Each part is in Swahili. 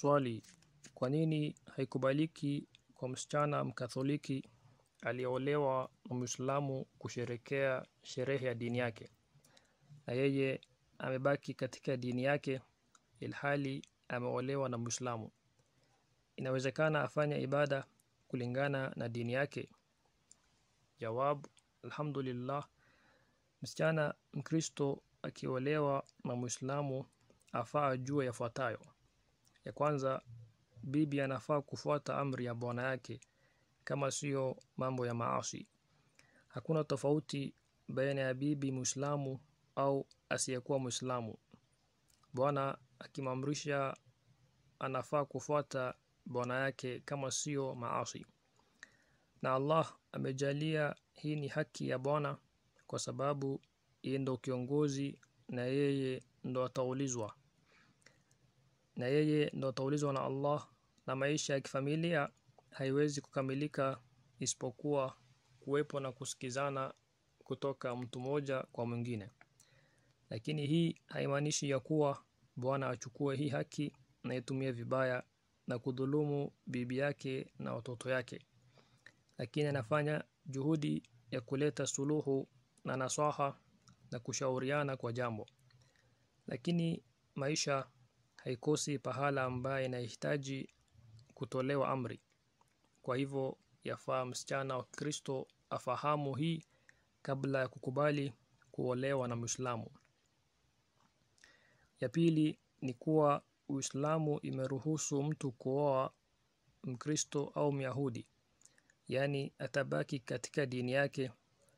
Swali: kwa nini haikubaliki kwa msichana mkatholiki aliyeolewa na Muislamu kusherekea sherehe ya dini yake na yeye amebaki katika dini yake ilhali ameolewa na Muislamu? Inawezekana afanya ibada kulingana na dini yake? Jawab: alhamdulillah, msichana Mkristo akiolewa na Muislamu afaa jua yafuatayo: ya kwanza, bibi anafaa kufuata amri ya bwana yake, kama siyo mambo ya maasi. Hakuna tofauti baina ya bibi Muislamu au asiyekuwa Muislamu. Bwana akimwamrisha anafaa kufuata bwana yake kama sio maasi. Na Allah amejalia hii ni haki ya Bwana kwa sababu yeye ndo kiongozi na yeye ndo ataulizwa na yeye ndo ataulizwa na Allah na maisha ya kifamilia haiwezi kukamilika isipokuwa kuwepo na kusikizana kutoka mtu mmoja kwa mwingine. Lakini hii haimaanishi ya kuwa bwana achukue hii haki na itumie vibaya na kudhulumu bibi yake na watoto yake, lakini anafanya juhudi ya kuleta suluhu na nasaha na kushauriana kwa jambo, lakini maisha haikosi pahala ambaye inahitaji kutolewa amri. Kwa hivyo yafaa msichana wa Kristo afahamu hii kabla ya kukubali kuolewa na Muislamu. Ya pili ni kuwa Uislamu imeruhusu mtu kuoa Mkristo au Myahudi, yaani atabaki katika dini yake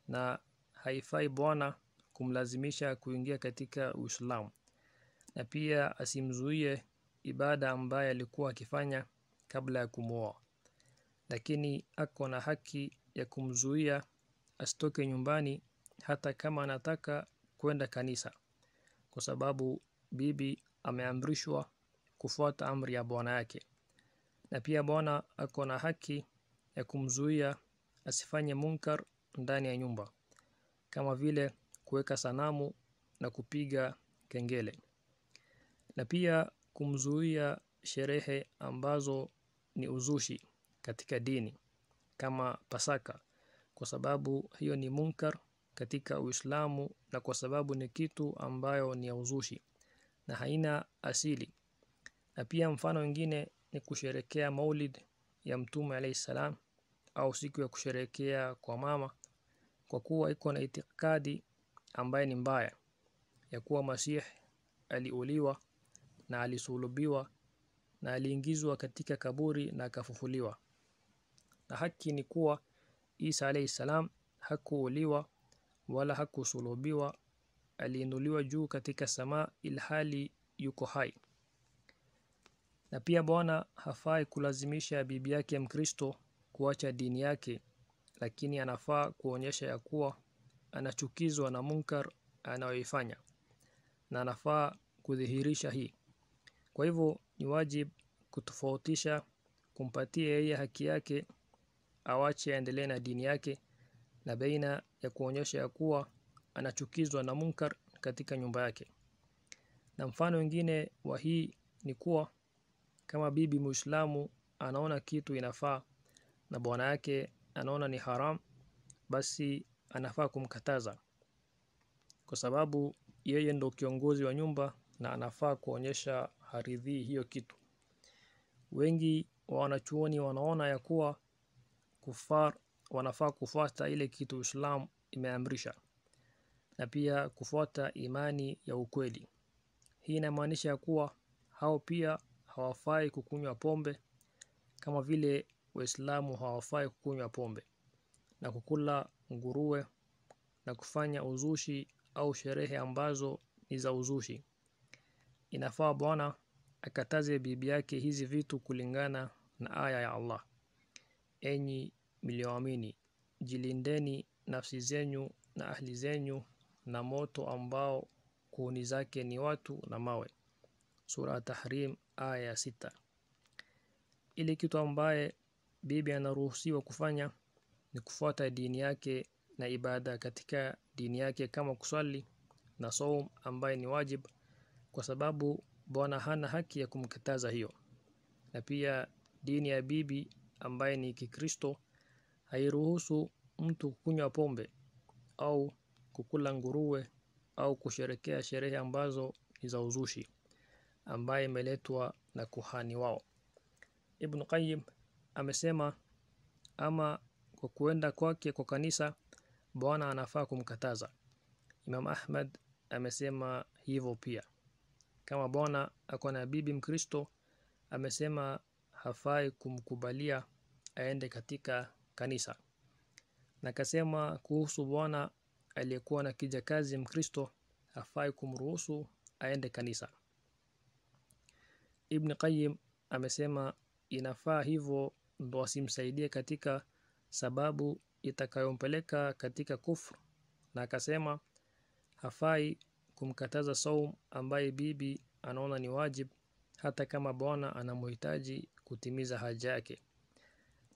na haifai bwana kumlazimisha kuingia katika Uislamu na pia asimzuie ibada ambaye alikuwa akifanya kabla ya kumwoa lakini ako na haki ya kumzuia asitoke nyumbani hata kama anataka kwenda kanisa kwa sababu bibi ameamrishwa kufuata amri ya bwana yake na pia bwana ako na haki ya kumzuia asifanye munkar ndani ya nyumba kama vile kuweka sanamu na kupiga kengele na pia kumzuia sherehe ambazo ni uzushi katika dini kama Pasaka kwa sababu hiyo ni munkar katika Uislamu na kwa sababu ni kitu ambayo ni ya uzushi na haina asili na pia mfano wengine ni kusherekea Maulid ya Mtume alayhi salam au siku ya kusherekea kwa mama kwa kuwa iko na itikadi ambaye ni mbaya ya kuwa Masih aliuliwa na alisulubiwa na aliingizwa katika kaburi na akafufuliwa. Na haki ni kuwa Isa alayhi salam hakuuliwa wala hakusulubiwa, aliinuliwa juu katika samaa ilhali yuko hai. Na pia bwana hafai kulazimisha bibi yake Mkristo kuacha dini yake, lakini anafaa kuonyesha ya kuwa anachukizwa na munkar anayoifanya na anafaa kudhihirisha hii. Kwa hivyo ni wajib kutofautisha, kumpatia yeye haki yake, awache aendelee na dini yake, na baina ya kuonyesha ya kuwa anachukizwa na munkar katika nyumba yake. Na mfano mwingine wa hii ni kuwa kama bibi Muislamu anaona kitu inafaa na bwana yake anaona ni haram, basi anafaa kumkataza kwa sababu yeye ndo kiongozi wa nyumba na anafaa kuonyesha haridhii hiyo kitu. Wengi wa wanachuoni wanaona ya kuwa kufar wanafaa kufuata ile kitu Uislamu imeamrisha na pia kufuata imani ya ukweli. Hii inamaanisha ya kuwa hao pia hawafai kukunywa pombe kama vile Waislamu hawafai kukunywa pombe na kukula nguruwe na kufanya uzushi au sherehe ambazo ni za uzushi. Inafaa bwana akataze bibi yake hizi vitu kulingana na aya ya Allah. Enyi mlioamini, jilindeni nafsi zenyu na ahli zenyu na moto ambao kuni zake ni watu na mawe. Sura Tahrim aya ya sita. Ile kitu ambaye bibi anaruhusiwa kufanya ni kufuata dini yake na ibada katika dini yake kama kuswali na saum ambaye ni wajib kwa sababu bwana hana haki ya kumkataza hiyo na pia dini ya bibi ambaye ni Kikristo hairuhusu mtu kunywa pombe au kukula nguruwe au kusherekea sherehe ambazo ni za uzushi ambaye imeletwa na kuhani wao. Ibn Qayyim amesema ama kwa kuenda kwake kwa kanisa bwana anafaa kumkataza. Imam Ahmad amesema hivyo pia kama bwana ako na bibi Mkristo amesema hafai kumkubalia aende katika kanisa. Na kasema kuhusu bwana aliyekuwa na kijakazi Mkristo hafai kumruhusu aende kanisa. Ibn Qayyim amesema inafaa hivyo ndo asimsaidie katika sababu itakayompeleka katika kufru, na akasema hafai kumkataza Saum ambaye bibi anaona ni wajib hata kama bwana anamhitaji kutimiza haja yake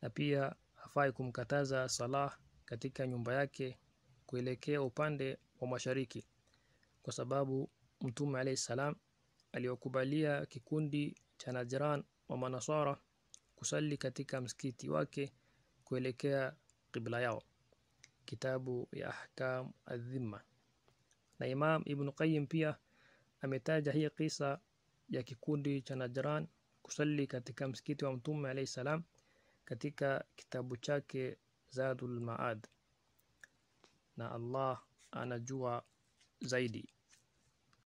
na pia hafai kumkataza Salah katika nyumba yake kuelekea upande wa mashariki kwa sababu Mtume alayhi salam aliokubalia kikundi cha Najran wa Manasara kusali katika msikiti wake kuelekea kibla yao kitabu ya ahkam adhima na Imam Ibn Qayyim pia ametaja hii kisa ya kikundi cha Najran kusali katika msikiti wa Mtume alayhi salam katika kitabu chake Zadul Maad na Allah anajua zaidi